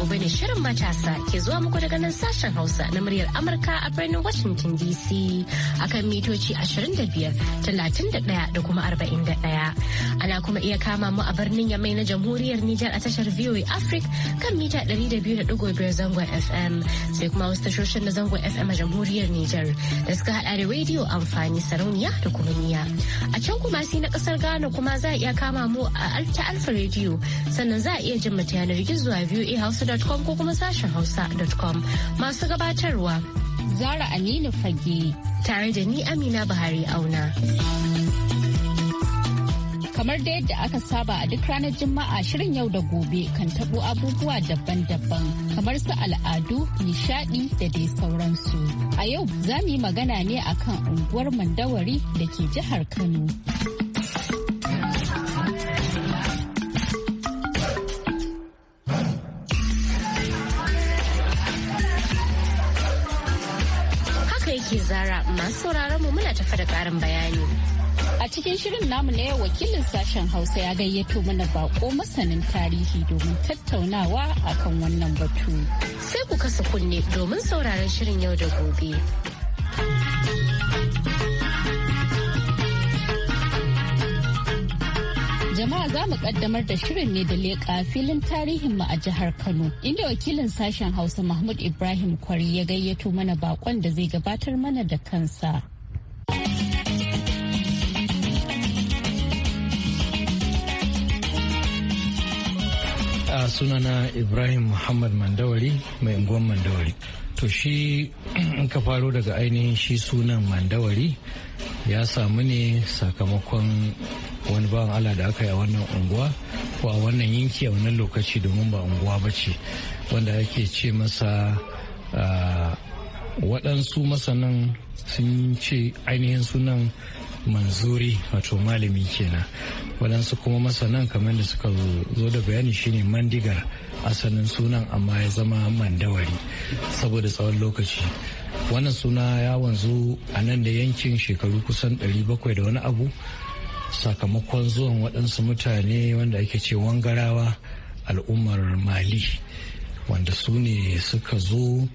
gobe ne shirin matasa ke zuwa muku daga nan sashen Hausa na muryar Amurka a birnin Washington DC akan mitoci 25, 31 da kuma 41. Ana kuma iya kama mu a birnin Yamai na Jamhuriyar Nijar a tashar VOA Africa kan mita 200.5 zangon FM sai kuma wasu tashoshin na zangon FM a Jamhuriyar Nijar da suka hada da rediyo amfani sarauniya da kuma niya. A can kuma sai na kasar Ghana kuma za a iya kama mu a Alta Alfa rediyo sannan za a iya jin mata yanar gizo a voahausa.com ko kuma sashen hausa.com masu gabatarwa. Zara Aminu Fage. Tare da ni Amina Buhari Auna. kamar da yadda aka saba a duk ranar Juma'a shirin yau da gobe kan tabo abubuwa daban-daban kamar su al'adu, nishadi da dai sauransu. A yau za mu yi magana ne akan unguwar Mandawari da ke jihar Kano. Haka yake zara masu sauraron mu muna tafa da ƙarin bayani. A cikin shirin namu na yau wakilin sashen Hausa ya gayyato mana bako masanin tarihi domin tattaunawa akan wannan batu. Sai ku kasa kunne domin sauraron shirin yau da gobe. jama'a za mu kaddamar da shirin ne da leƙa filin tarihin mu a jihar Kano inda wakilin sashen Hausa Mahmud Ibrahim Kwari ya gayyato mana bakon da zai gabatar mana da kansa. sunana ibrahim muhammad mandawari mai unguwan mandawari to shi in ka faro daga ainihin shi sunan mandawari ya samu ne sakamakon wani bawan allah da aka yi a wannan unguwa ko a wannan yanki a wannan lokaci domin ba unguwa ba ce wanda ake ce masa waɗansu masanan sun ce ainihin sunan manzuri wato malami kenan waɗansu kuma masanan kamar da suka zo da bayani shine mandigar asalin sunan amma ya zama mandawari saboda tsawon lokaci wannan suna ya wanzu a nan da yankin shekaru kusan 700 da wani abu sakamakon zuwan waɗansu mutane wanda ake ce wangarawa al'ummar mali wanda su ne suka zo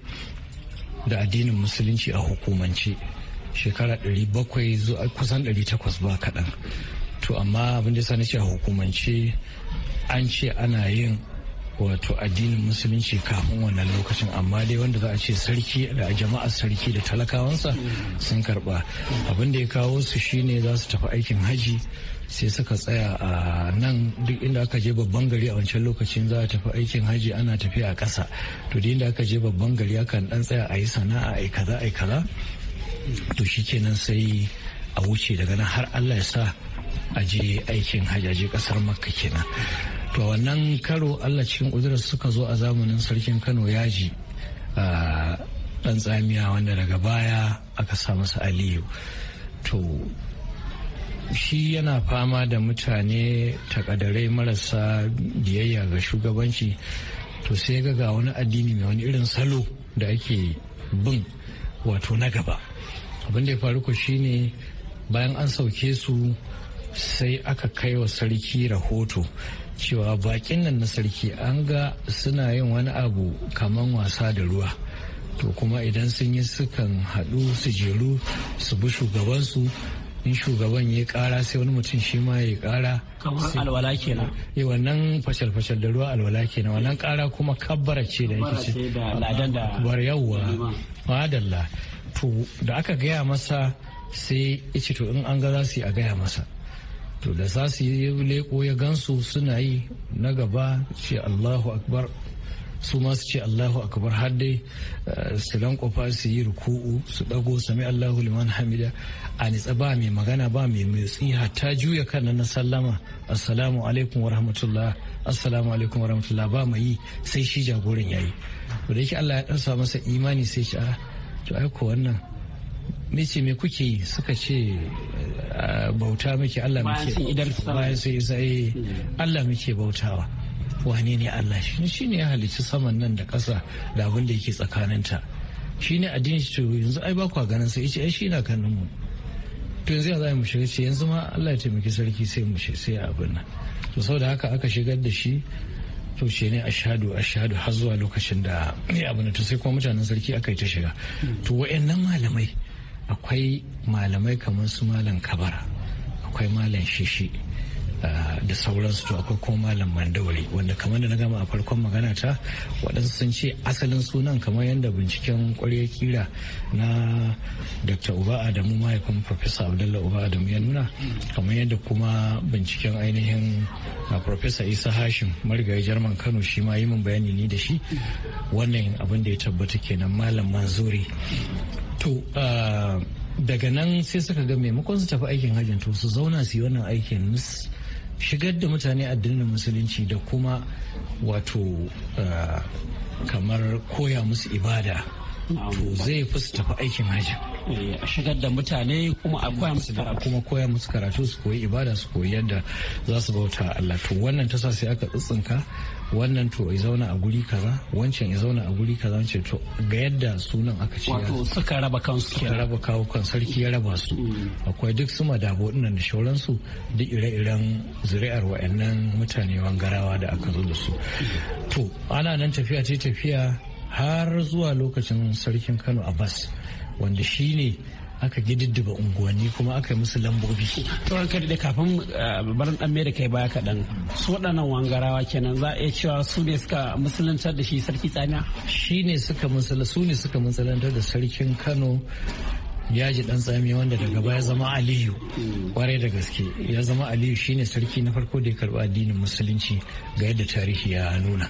da addinin musulunci a hukumance shekara 700 kusan 800 ba kaɗan to amma abin da sani ce hukumance an ce ana yin wato addinin musulunci kafin wannan lokacin amma dai wanda za a ce sarki da jama'a sarki da talakawansa sun karba abin da ya kawo su shine za su tafi aikin haji sai suka tsaya a nan duk inda aka je babban gari a wancan lokacin za a tafi aikin haji ana tafiya a kasa to duk inda aka je babban gari akan dan tsaya a yi sana'a a yi kaza a yi kaza to shikenan sai a wuce daga nan har Allah ya sa a aikin hajjaji kasar makka kenan to wannan karo allah cikin kudura suka zo a zamanin sarkin kano yaji dan tsamiya wanda daga baya aka sa masa aliyu to shi yana fama da mutane takadarai marasa biyayya ga shugabanci to sai ga ga wani addini mai wani irin salo da ake bin wato na gaba abin da ya faru ku shine bayan an sauke su sai aka kai wa sarki rahoto cewa bakin nan na sarki an ga suna yin wani abu kaman wasa da ruwa to kuma idan sun yi sukan haɗu su jeru su bi shugabansu in shugaban ya kara sai wani mutum shi ma ya kara kamar alwala kenan eh wannan fashal fashal da ruwa alwala kenan wannan kara kuma kabbara ce da yake ce da da bar yawwa madalla to da aka gaya masa sai ya ce to in an ga za su yi a gaya masa to da sasu yi leko ya gansu suna yi na gaba ce allahu akbar su masu ce Allahu akbar har dai eh, su lankofa su yi ruku'u su dago sami Allahu liman hamida a nitsa ba mai magana ba mai motsi ta juya kan na sallama assalamu alaikum wa rahmatullah assalamu alaikum wa rahmatullah ba mai yi sai shi jagoran yayi to da yake Allah ya sa masa imani sai shi a ah, to ai ko wannan me ce me kuke yi suka ce bauta muke Allah muke bayan sai sai eh, hmm. Allah muke bautawa wane ne Allah shi ne ya halicci saman nan da ƙasa da abin da yake tsakaninta shi ne addini shi yanzu ai ba kwa ganin sai ai shi na kanin mu to yanzu ya za mu shiga ce yanzu ma Allah ya taimaki sarki sai mu shi sai abin nan to saboda haka aka shigar da shi to shi ne ashadu ashadu har zuwa lokacin da ya abin to sai kuma mutanen sarki aka yi ta shiga hmm. to wa'annan malamai akwai malamai kamar su malam kabara akwai malam shishi ah, da sauransu to akwai kuma malam mandawari wanda kamar da na gama a farkon magana ta waɗansu sun ce asalin sunan kamar yadda binciken ƙwarya kira na dr uba adamu mahaifin Profesa Abdullahi uba adamu ya nuna kamar yadda kuma binciken ainihin ah, Profesa isa hashim marigayi jarman kano shi ma yi min bayani ni da shi wannan abin da ya tabbata kenan malam manzuri to daga nan sai suka ga maimakon su tafi aikin hajji to su zauna su yi wannan aikin shigar da mutane addinin musulunci da kuma wato kamar koya musu ibada to zai fi su tafi aikin hajji eh, shigar da mutane kuma a koya musu karatu kuma koya musu karatu su koyi ibada su koyi yadda za su bauta Allah to wannan tasa sai aka tsitsinka wannan to ya zauna a guri kaza wancan ya zauna a guri kaza wancan to ga yadda sunan aka ce wato suka raba kansu suka raba kawo kan sarki ya raba su mm. akwai duk su madabo dinnan da shauransu duk ire-iren zuri'ar wa'annan mutane wangarawa da aka zo da su to ana nan tafiya ce tafiya har zuwa lokacin sarkin Kano Abbas wanda shine aka gididdiba unguwanni kuma aka yi musu lambobi. Tsoron kai da kafin eh, barin dan da kai baya kaɗan su waɗannan wangarawa kenan za a iya cewa su ne suka musuluntar da shi sarki tsamiya. Shi ne suka su ne suka musuluntar da sarkin Kano yaji dan tsami wanda daga baya zama aliyu kwarai da gaske ya zama aliyu shine sarki na farko da ya karɓi addinin musulunci ga yadda tarihi ya nuna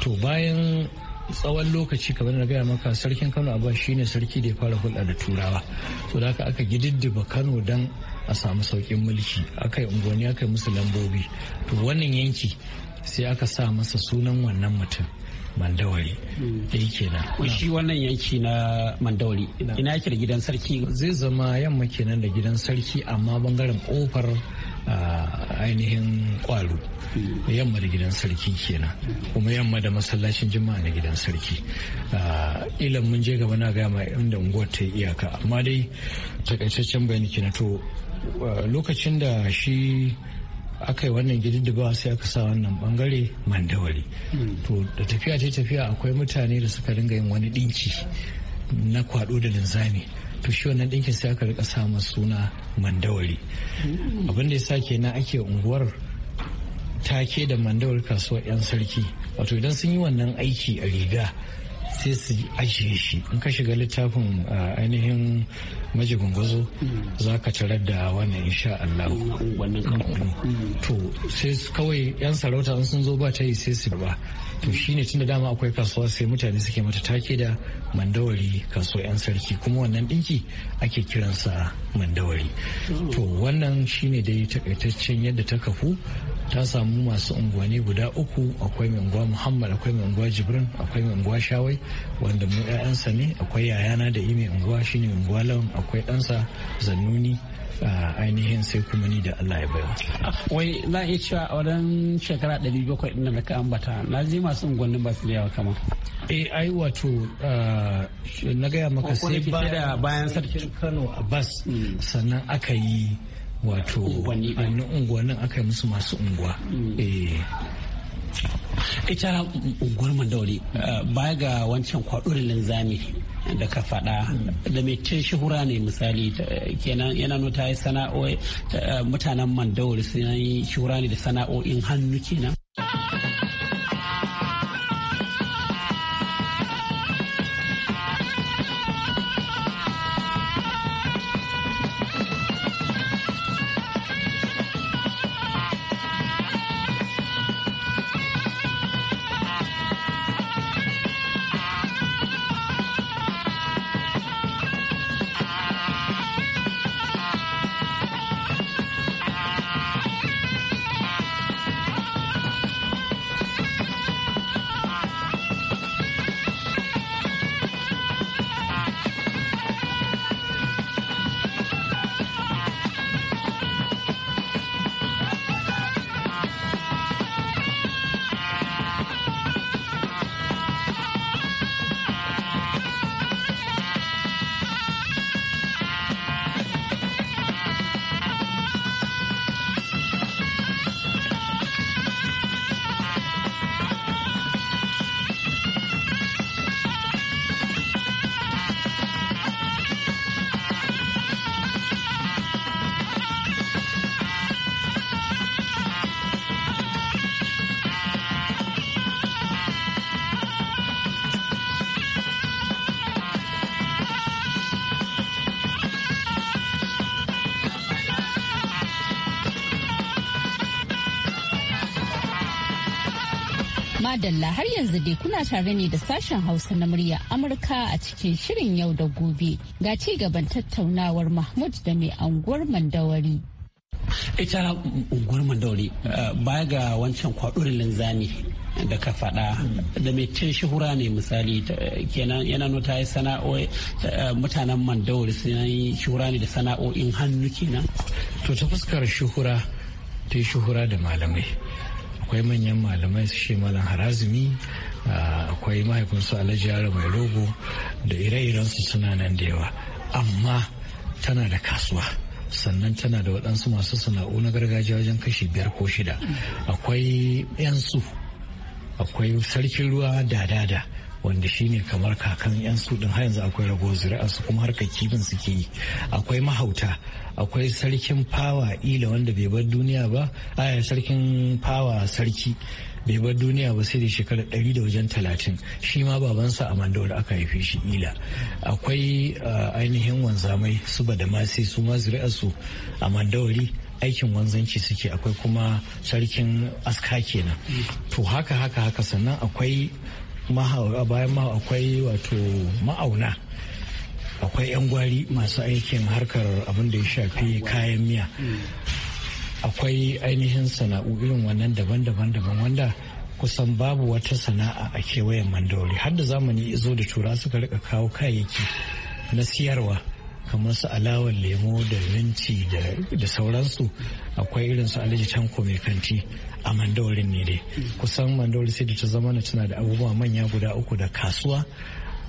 to bayan tsawon lokaci kamar na gaya maka sarkin kano abuwa shine sarki da ya fara hulɗa da turawa to da haka aka gididdiba kano dan a samu sauƙin mulki aka yi unguwanni aka yi musu lambobi to wannan yanki sai aka sa masa sunan wannan mutum mandawari hmm. da yake nan shi wannan yanki na mandawari ina yake da gidan sarki zai zama yamma kenan da gidan sarki amma bangaren kofar a ainihin kwalo yamma da gidan sarki kenan kuma yamma da masallacin jima'a na gidan sarki ilan mun je gaba na gama inda unguwar ta iyaka amma dai takaitaccen bayani kenan to lokacin da shi aka yi wannan gididdiba sai aka sa wannan bangare mandawari to da tafiya ta tafiya akwai mutane da suka ringa yin wani dinki na kwado da linzami to shi wannan ɗinkin sai aka rika sa suna mandawari abin da ya sa kenan ake unguwar take da Mandawari kasuwar 'yan sarki wato idan sun yi wannan aiki a riga sai su ajiye shi in ka shiga littafin ah, ainihin maji gwazo za ka tarar da wannan insha Allah to sai kawai yan sarauta sun zo ba ta yi sai su ba to shine tunda dama akwai kasuwa sai mutane suke mata take da mandawari kasuwa yan sarki kuma wannan dinki ake kiransa mandawari to wannan shine dai takaitaccen yadda ta kafu ta samu masu unguwanni guda uku akwai mai unguwa muhammad akwai mai unguwa jibrin akwai mai unguwa shawai wanda mu 'ya'yansa ne akwai yayana da ime unguwa shine unguwa lawan akwai ɗansa zannuni ainihin sai kuma ni da Allah ya wa. Wai na iya cewa a wadan shekara 700 ɗin da ka ambata na ji masu unguwannin ba su da yawa kama. Eh ai wato na gaya maka sai bayan sarki Kano a bas mm. sannan aka yi wato unguwannin aka yi musu masu unguwa. Mm. Eh. ita unguwar mandauri eh, baya ga wancan kwaɗurin linzami da ka faɗa da mai cin shahura ne misali eh, kenan yana nuta ta yi sana'o'i eh, mutanen mandauri sun yi shuhura ne da sana'o'in hannu kenan. Madalla har yanzu dai kuna tare ne da sashen Hausa na murya Amurka a cikin shirin yau da gobe. Ga ci gaban tattaunawar Mahmud da mai anguwar Mandawari. Ita unguwar Mandawari eh, baya ga wancan kwaɗorin linzami da ka fada da mai cin shuhura ne misali kenan yana nuta ta sana'o'i eh, mutanen Mandawari su yi shuhura ne da sana'o'in hannu kenan. To ta fuskar shuhura ta yi shuhura da malamai. akwai manyan malamai su shi malam harazumi akwai mahaifinsu alhaji yaro mai rogo da ire-irensu suna nan da yawa amma tana da kasuwa sannan tana da waɗansu masu sana'u na gargajiya wajen kashi biyar ko shida akwai 'yansu akwai sarkin ruwa da dada wanda shine kamar kakan yan su din har yanzu akwai rago su kuma harka kifin suke yi akwai mahauta akwai sarkin fawa ila wanda bai bar duniya ba a sarkin fawa sarki bai bar duniya ba sai da shekara ɗari da wajen talatin shi ma babansa a mandawar aka haife shi ila akwai ainihin wanzamai su ba da masi su ma su a mandawari aikin wanzanci suke akwai kuma sarkin aska kenan to haka haka haka sannan akwai a bayan ma akwai wato ma'auna akwai 'yan gwari masu aikin harkar abin da ya shafi kayan miya akwai ainihin sana'u irin wannan daban-daban daban wanda kusan babu wata sana'a a kewayen mandori har da zamani izo da tura suka rika kawo kayayyaki na siyarwa kamar su alawar lemo da minci da sauransu akwai irin su alaji canko mai kanti a mandaurin ne dai kusan mandaurin sai da ta zama na tana da abubuwa manya guda uku da kasuwa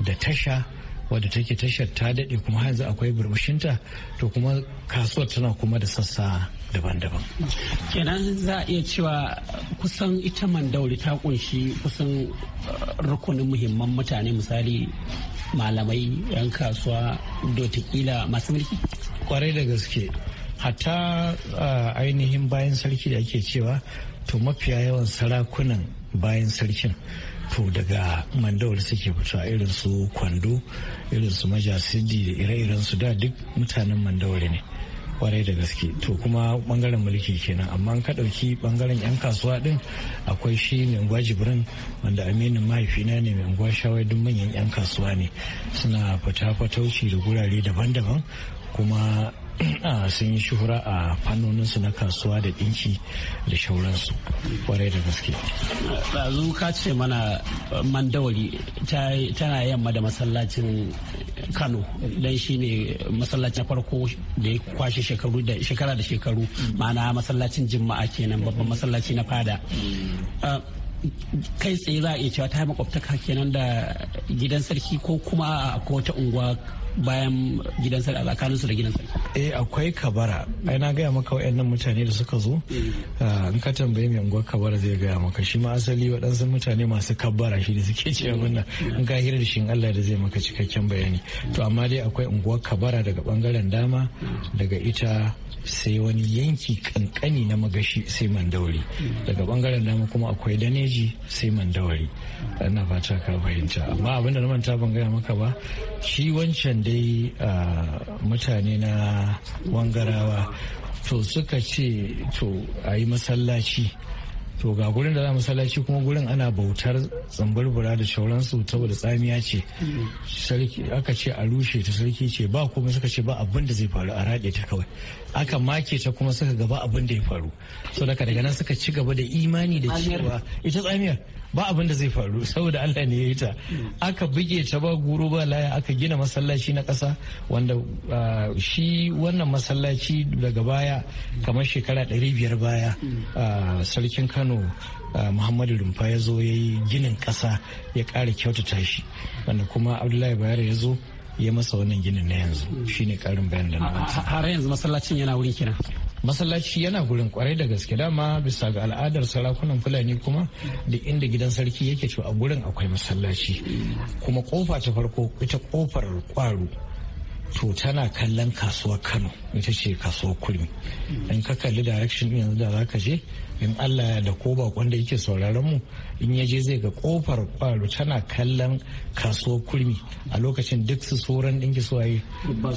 da tasha wadda take tashar ta daɗe kuma yanzu akwai burbushinta to kuma kasuwar tana kuma da sassa daban-daban. kenan za a iya cewa kusan ita mandauri ta kunshi kusan eh, rukunin muhimman mutane misali malamai 'yan kasuwa dotakila masu mulki kwarai da gaske hatta ainihin bayan sarki da ake cewa to mafiya yawan sarakunan bayan sarkin to daga mandawar suke fitowa irin su kwando irin su majasidi da ire-iren su da duk mutanen mandawari ne kwarai da gaske to kuma bangaren mulki kenan amma ka ɗauki bangaren 'yan kasuwa din akwai shi mai unguwa jibrin wanda aminin mahaifina ne mai unguwa shawai duk manyan 'yan kasuwa ne suna fata fatauci da gurare daban-daban kuma Ah, sun yi shuhura a fannoninsu na kasuwa da dinki da shauransu kwarai da gaske. ɗazu ka ce mana uh, mandawari tana yamma da masallacin kano don shi ne masallacin farko da ya kwashe shekara da shekaru ma'ana masallacin jima'a kenan babban masallaci na fada uh, kai tsaye za a iya cewa ta makwabtaka kenan da gidan sarki ko kuma a kowace unguwa bayan gidan sarki tsakanin su da gidan sarki eh akwai kabara ai na gaya maka wayannan mutane da suka zo mm. ah, in ka tambaye mai unguwar kabara zai gaya maka shi ma asali waɗansu mutane masu kabara shi da suke ce wannan mm. in ka hira da shi Allah da zai maka cikakken bayani to amma dai akwai unguwar kabara daga bangaren dama mm. daga ita sai wani yanki kankani na magashi sai mandauri daga bangaren dama kuma akwai daneji sai mandauri ina fata ka fahimta amma abinda na manta ban gaya maka ba shi wancan dai dai mutane na wangarawa to suka ce to a yi masallaci to ga gurin da za masallaci kuma gurin ana bautar tsambarbura da shauransu saboda tsamiya ce aka ce a rushe ta sarki ce ba kuma suka ce ba abin da zai faru a rage ta kawai aka make ta kuma suka gaba abin da ya faru so daga daga nan suka ci gaba da imani da cewa ita tsamiyar ba abin da zai faru saboda Allah ne ya yi ta aka buge ta ba guru ba laya aka gina masallaci na kasa wanda ah, shi wannan masallaci daga baya kamar shekara ɗari biyar baya ah, sarkin Kano ah, Muhammadu Rumfa ya zo ya yi ginin ƙasa ya ƙara kyautata shi wanda kuma Abdullahi Bayero ya zo ya masa wannan ginin na yanzu shine karin bayan da na har yanzu masallacin yana wurin kina masallaci yana gurin kwarai da gaske dama bisa ga al'adar sarakunan fulani kuma da inda gidan sarki yake cewa a gurin akwai masallaci kuma kofa ta farko ita kofar kwaro to tana kallon kasuwar kano ita ce kasuwar kurmi in ka kalli direction yanzu da za ka je in allah da ko bakon da yake sauraron mu in ya je zai ga kofar kwalo tana kallon kasuwar kurmi a lokacin duk su tsoron ɗinki suwaye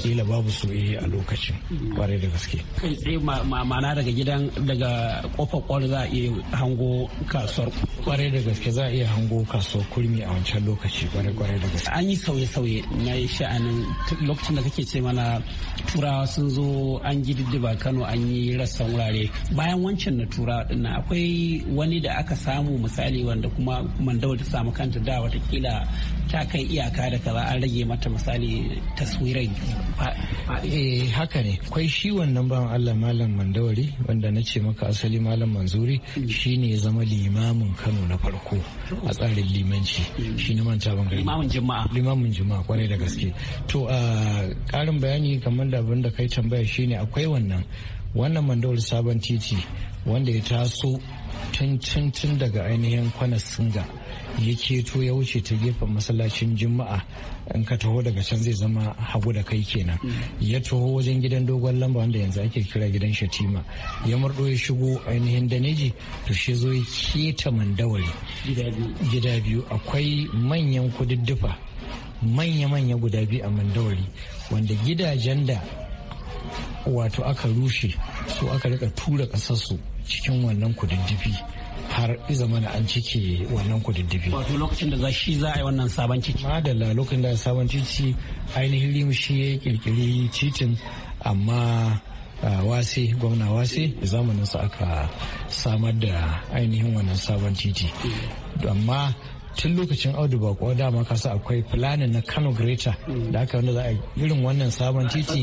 kila babu su a lokacin kwarai da gaske kai tsaye ma'ana daga gidan daga kofar kwalo za a iya hango kasuwar kwarai da gaske za a iya hango kasuwar kurmi a wancan lokaci kwarai kwarai da gaske an yi sauye-sauye na yi sha'anin lokacin da kake ce mana turawa sun zo an gididdiba kano an yi rassan wurare bayan wancan na turawa dinnan akwai wani da aka samu misali wanda kuma mandawar ta samu kanta da watakila ta kai iyaka da kaza an rage mata misali taswirai eh haka ne kwai shi wannan bawan Allah malam mandawari wanda na ce maka asali malam manzuri mm. shine ya zama limamin Kano na farko a tsarin limanci mm. shi na manta ban limamin juma'a limamin juma'a kwarai da gaske to a karin bayani kamar da abin da kai tambaya shine akwai wannan wannan mandawar sabon titi wanda ya taso tun daga ainihin kwanas singa ya keto ya wuce ta gefen masallacin juma'a in ka taho daga can zai zama hagu da kai kenan mm. ya taho wajen gidan dogon lamba wanda yanzu ake kira gidan shatima ya murdo ya shigo ainihin daneji to shi zo ya keta mandawari gida biyu akwai manyan kududdufa manya-manya guda biyu a mandawari wanda gidajen da wato aka rushe su aka rika tura kasarsu cikin wannan kududdufi har zama na an cike wannan kududdufi. Wato lokacin da shi za a yi wannan sabon ciki. Madalla lokacin da sabon titi ainihin limu shi ya kirkiri titin amma wase gwamna wase zamaninsa aka samar da ainihin wannan sabon titi. Amma tun lokacin audu bako dama kasa akwai planin na kano greater da aka wanda za a irin wannan sabon titi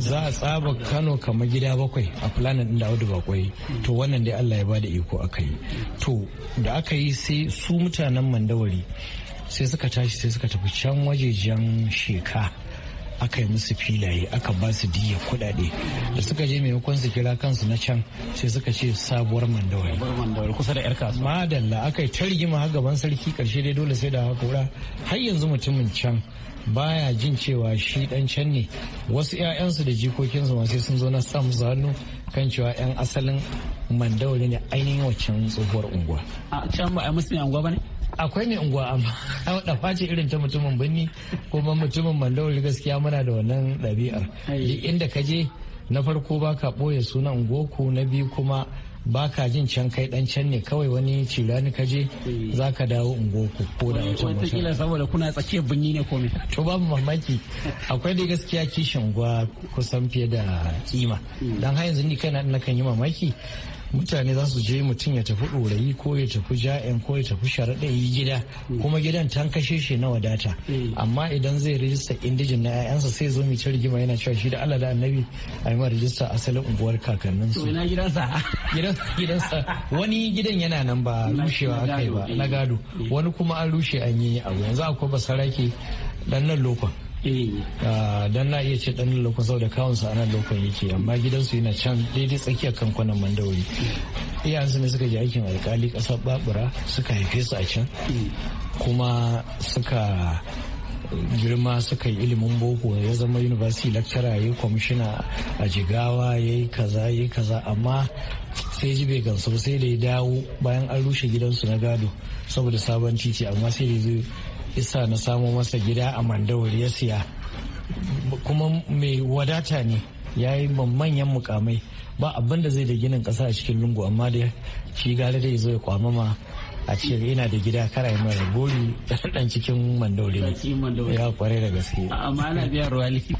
za a tsaba kano kamar gida bakwai a planin din da audu bakwai to wannan dai allah ya ba da iko aka yi to da aka yi sai su mutanen mandawari sai suka tashi sai suka tafi can wajejen sheka aka yi musu filaye aka ba su diya kuɗaɗe da suka je maimakon su kira kansu na can sai suka ce sabuwar mandawari kusa da 'yar kasuwa madalla aka yi ta rigima har gaban sarki karshe dai dole sai da haka hakura har yanzu mutumin can baya jin cewa shi dan can ne wasu 'ya'yansu da jikokinsu ma sai sun zo na samu hannu kan cewa 'yan asalin mandawari ne ainihin waccan tsohuwar unguwa a can ba a musu ne unguwa ba ne akwai mai unguwa amma wadda face irin ta mutumin birni kuma mutumin mandawari gaskiya muna da wannan ɗabi'ar inda ka je na farko baka ɓoye suna ungoku na biyu kuma ba ka jin can kai dan can ne kawai wani cirani ka je eh. za ka dawo ungoku ko da wata wata saboda kuna tsakiyar binni ne komai to babu mamaki akwai dai gaskiya kishin gwa kusan fiye da kima hmm. dan har yanzu ni kaina na kan yi mamaki mutane za su je mutum ya tafi ɗorayi ko ya tafi ja'in ko ya tafi yi gida kuma gidan tan kashe shi na wadata amma idan zai rijista indijin na 'ya'yansa sai zo ta rigima yana cewa shi da Allah da annabi a yi ma rijista asalin unguwar kakannin su gidansa wani gidan yana nan ba rushewa aka yi ba na gado wani kuma an rushe an yi abu yanzu akwai basarake dan nan lokacin. Eh. Ah, don na iya ce dan lokon saboda kawunsa ana nan lokon yake amma gidansu yana can daidai tsakiyar kankunan mandauri iyayensu ne suka je aikin alkali kasar babura suka haife su a can kuma suka girma suka yi ilimin boko ya zama university lecturer ya yi kwamishina a jigawa ya yi kaza ya yi kaza amma sai ji bai gansu sai da ya dawo bayan an rushe gidansu na gado saboda sabon titi amma sai da isa na samo masa gida a mandawar ya siya kuma mai wadata ne ya yi manyan mukamai ba abin da zai da ginin kasa a cikin lungu amma da shi gare da ya zo ya kwamama a ce yana da gida kara yi mara gori dan cikin Mandawari ne ya kware da gaske amma ana biyan ruwali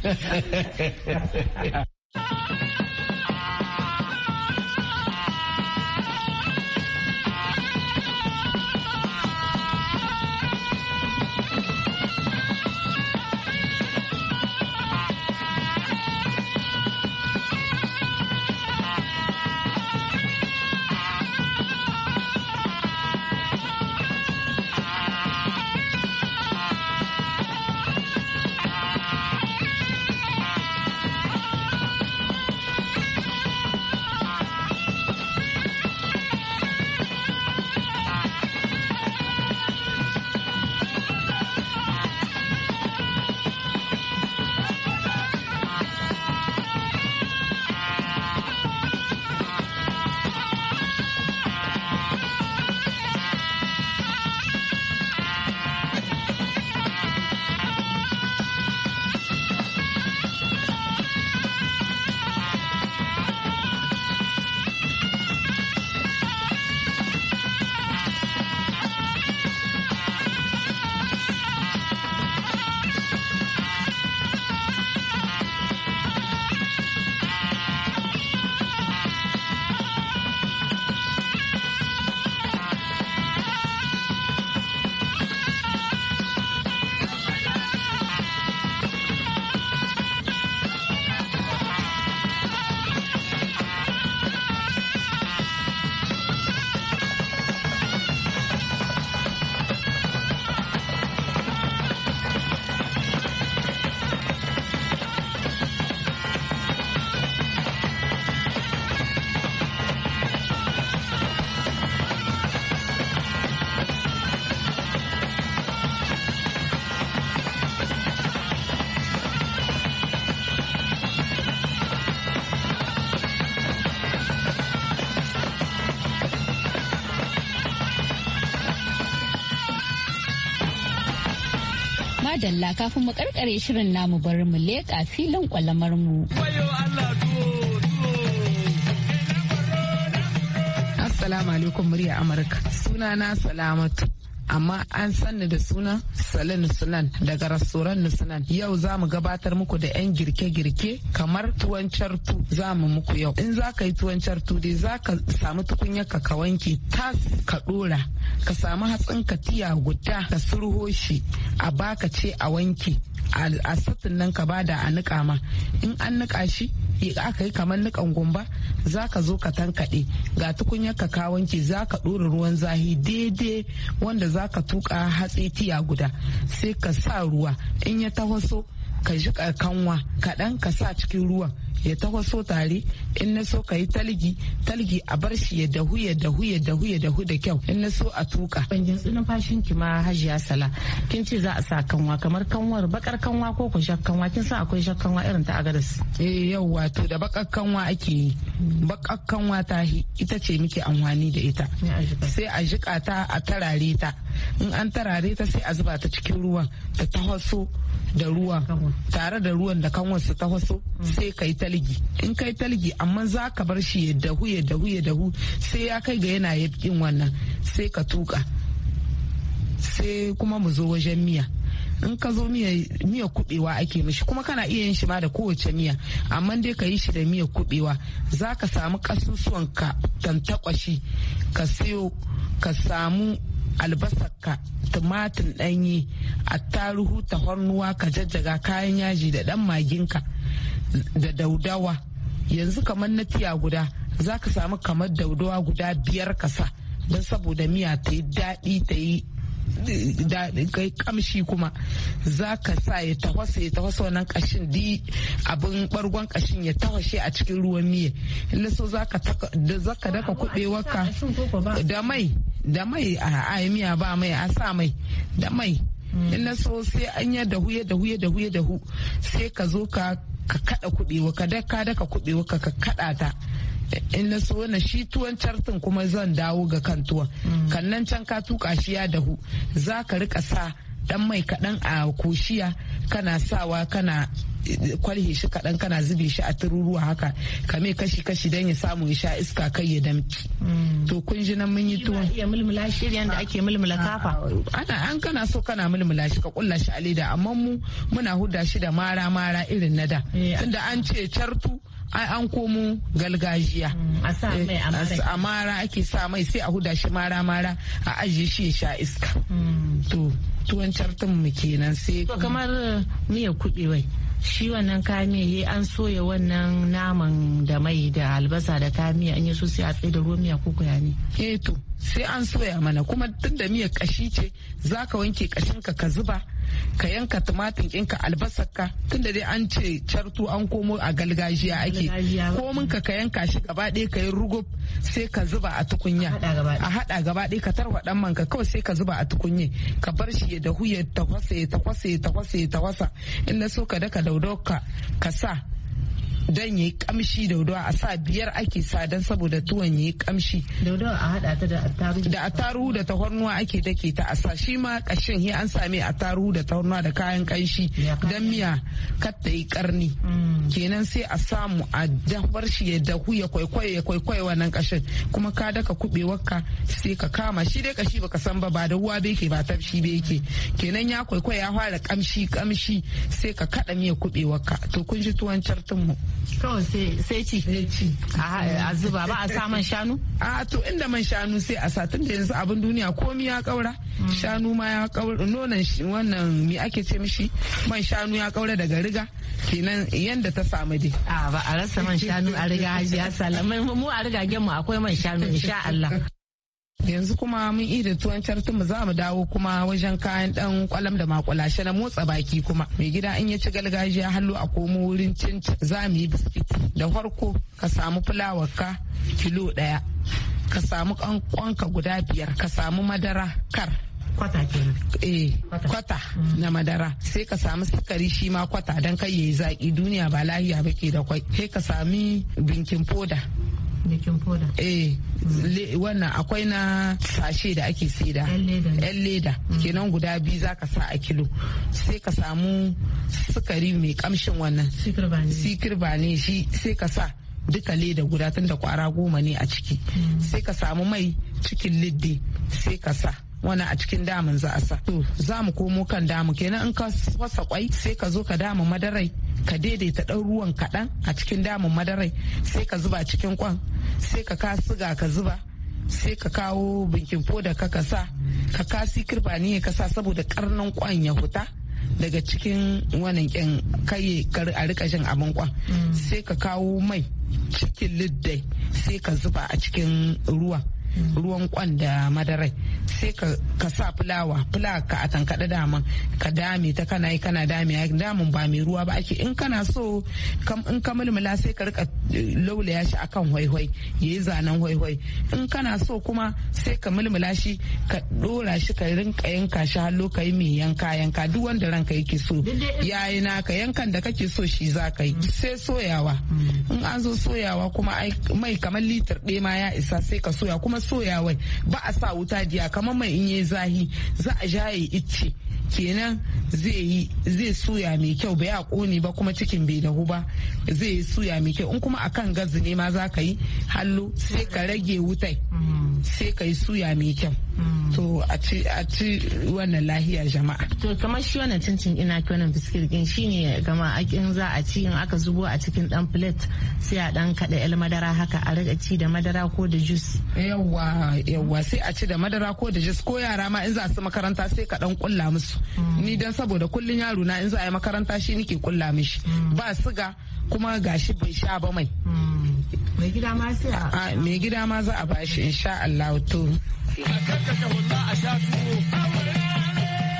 dalla kafin mu karkare shirin namu bari mu leƙa filin kwalamar mu. Assalamu alaikum murya Amurka. suna na Salamatu. amma an sanni da suna salin sunan daga rastoran sunan yau za mu gabatar muku da 'yan girke-girke kamar tuwon cartu za mu muku yau in za ka yi tuwon cartu dai za ka samu tukunyar ka ka wanke tas ka dora ka samu hatsin ka tiya guda ka surho shi a baka ce a wanke a satin nan ka bada a nika ma in an niƙa shi aka yi kamar niƙan gumba za ka zo ka tankaɗe ga tukunyar ka ka wanke za ka ɗora ruwan zahi daidai wanda za ka tuƙa hatsi tiya guda sai ka sa ruwa in ya taho so ka ji kanwa kaɗan ka sa cikin ruwan ya taho so tare in na so ka yi talgi talgi a bar shi ya dahu ya dahu ya dahu ya dahu da kyau in na so a tuka ban jin fashin ki ma hajiya sala kin ce za a sa kanwa kamar kanwar bakar kanwa ko ku shak kanwa kin san akwai shak kanwa irin ta agadas eh yau wato da bakar kanwa ake yi bakar kanwa ta ita ce muke amfani da ita sai a jika ta a tarare ta in an tarare ta sai a zuba ta cikin ruwan ta so da ruwan tare da ruwan da kanwar su so mm. sai ka yi ta talgi in kai talgi amma za ka bar shi ya dahu ya dahu ya dahu sai ya kai ga yana yakin wannan sai ka tuka sai kuma mu zo wajen miya in ka zo miya kubewa ake mishi kuma kana iya yin shi ma da kowace miya amma dai ka yi shi da miya kubewa za ka samu kasusuwan ka tantakwashi ka siyo ka samu albasarka tumatin a attaruhu ta hannuwa ka jajjaga kayan yaji da dan maginka da daudawa yanzu kamar na tiya guda za ka samu kamar daudawa guda biyar kasa don saboda miya ta yi daɗi ta yi kai kamshi kuma za ka sa ya tahwasa ya tahwasa wannan kashin di abin bargon kashin ya tahwashe a cikin ruwan miya in so za ka daka kubewarka da mai da mai a miya ba mai a sa mai da mai in so sai an da huye ya dahu ya dahu ya dahu sai ka zo ka ka kada kubewa ka daka daka kuɗi ka ka kada ta in na so na shi tuwon cartin kuma zan dawo ga kan tuwon mm. Kan nan can ka tuka shi ya dahu za ka rika sa dan mai kaɗan a koshiya kana sawa kana kwalhe shi kaɗan kana zube shi a tururuwa haka ka mai kashi kashi don ya samu ya sha iska kai ya damki mm. to kun ji nan mun yi tuwon iya mulmula shi yadda ake mulmula ah, kafa ana an kana so kana mulmula shi ka kulla shi a leda amma mu muna huda shi da mara mara irin na da eh, tunda an ce cartu an komo galgajiya mm, eh, a mara ake sa mai sai a huda shi mara mara a ajiye shi ya sha iska mm. to tuwon cartun mu kenan sai kamar miya kuɗi wai shi wannan yi an soya wannan naman da mai da albasa da kamiya an yi so sai a tsaye da ruwan ko kuya ne eh to sai an soya mana kuma tun da miyar kashi ce zaka wanke kashin ka ka zuba ka yanka tumatir ɗinka albasarka tunda dai an ce cartu an komo a galgajiya ake komin ka ka yanka shi gaba ɗaya ka yi rugub sai ka zuba a tukunya a haɗa gaba ɗaya ka tarwa ɗan manka kawai sai ka zuba a tukunya ka bar shi ya dahu ya tafasa ya tafasa ya tafasa ya in na so ka daka daudau ka ka sa don yi kamshi daudawa a sa biyar ake sa don saboda tuwon yi kamshi daudawa a hada ta da attaruhu da attaruhu da tahornuwa ake dake ta a sa shi ma kashin ya an same attaruhu da tahornuwa da kayan kanshi don miya kar ta yi karni mm. kenan sai a samu a dafar shi ya dahu ya kwaikwayo ya kwaikwayo wannan kashin kuma ka daka wakka sai ka kama shi dai kashi baka san ba ba da ruwa beke ba tafshi beke kenan ya kwaikwayo ya fara kamshi kamshi sai ka kada miya wakka to kun ji tuwon cartin mu kawai sai ci ah, eh, a zuba ba a sa man shanu a ah, to inda man shanu sai a sa tunda yanzu abin duniya komi ya kaura mm. shanu ma ya kaura nonon mi ake ce mishi man shanu ya kaura daga riga kenan yanda ta samu dai a ah, ba a rasa man shanu a riga hajiya salamai mu a riga mu akwai man shanu insha Allah yanzu kuma mun yi da tuwon mu za mu dawo kuma wajen kayan dan kwalam da makulashe na motsa baki kuma mai gida in ya ci galgajiya hannu a komo wurin cinci za mu yi biskit da farko ka samu fulawar ka kilo daya ka samu kankonka guda biyar ka samu madara kar kwata ke eh kwata mm. na madara sai ka samu sukari shi ma kwata don kai yayi zaki duniya ba lahiya ba ke da kwai sai ka sami binkin foda bakin foda eh wannan akwai na sashe da ake saida yan leda mm. kenan guda biyu zaka sa a kilo sai ka samu sukari mai kamshin wannan sikir ba ne shi sai ka sa duka leda guda tun da kwara goma ne a ciki mm. sai ka samu mai cikin liddi sai ka sa wani a cikin damin za a sa to za mu komo kan damu kenan in ka wasa kwai sai ka zo ka dama madarai ka daidaita ɗan ruwan kaɗan a cikin damun madarai sai ka zuba cikin kwan sai ka ka siga ka zuba sai ka kawo binkin foda ka ka sa ka kasi kirba ne ka sa saboda karnan kwan ya huta daga cikin wannan kyan kai a rika jin abin kwan mm. sai ka kawo mai cikin liddai sai ka zuba a cikin ruwan ruwan kwan da madarai sai ka sa fulawa fulawa ka a tankaɗe daman ka dame ta kana yi kana dame damun ba mai ruwa ba ake in kana so in ka mulmula sai ka rika eh, laulaya shi akan hwaihwai ya yi zanen hwaihwai in kana so kuma sai ka mulmula shi ka ɗora shi ka rinka yanka shi hallo ka yi mai yanka yanka duk wanda ranka yake so yayi naka yankan da kake so shi za ka yi mm. sai soyawa mm. in an zo soyawa kuma mai kamar litir ɗaya ma ya isa sai ka soya kuma soya wai ba a sa wuta diya kamar mai in yi zahi za a ya icce kenan zai yi suya mai kyau bai a kone ba kuma cikin bai dahu ba zai yi suya mai kyau in kuma akan gazi ne ma za ka yi hallo sai ka rage wutai mm-hmm. sai ka yi suya mai kyau hmm. to a ci wannan lahiya jama'a to kamar shi wannan cincin ina ki wannan biskit din shine gama akin za a ci in aka zubo a cikin dan plate sai a dan kada el madara haka a riga ci da madara ko da juice yawwa yawwa sai a ci da madara ko da juice ko yara ma in za su makaranta sai ka dan kulla musu hmm. ni dan saboda kullun yaro na in za a yi makaranta shi nake kulla mishi hmm. ba siga kuma gashi bai sha ba mai hmm. mai gida ma za a bashi insha Allah to a karkata wallah a sha tuwo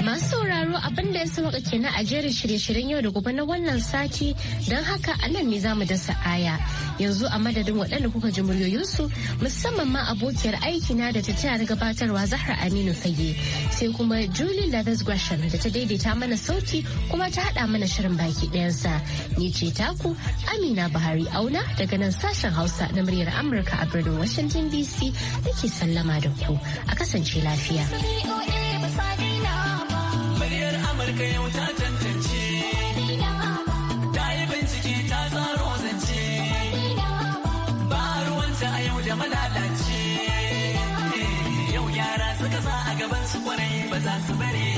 Masu sauraro abin da ya sauka ke a jerin shirye-shiryen yau da gobe na wannan sati don haka a nan ne za mu dasa aya. Yanzu a madadin waɗanda kuka ji muryoyinsu musamman ma abokiyar na da ta tara gabatarwa Zahra Aminu Fage sai kuma Julie Lathers Gresham da ta daidaita mana sauti kuma ta haɗa mana shirin baki ɗayansa. Ni ce taku Amina Buhari Auna daga nan sashen Hausa na muryar Amurka a birnin Washington DC nake sallama da ku a kasance lafiya. ka yau ta tantance ta yi bincike ta tsaro zance ba ruwanta a yau da malalace eh, yau yara suka sa a gaban su kwarai ba za su bare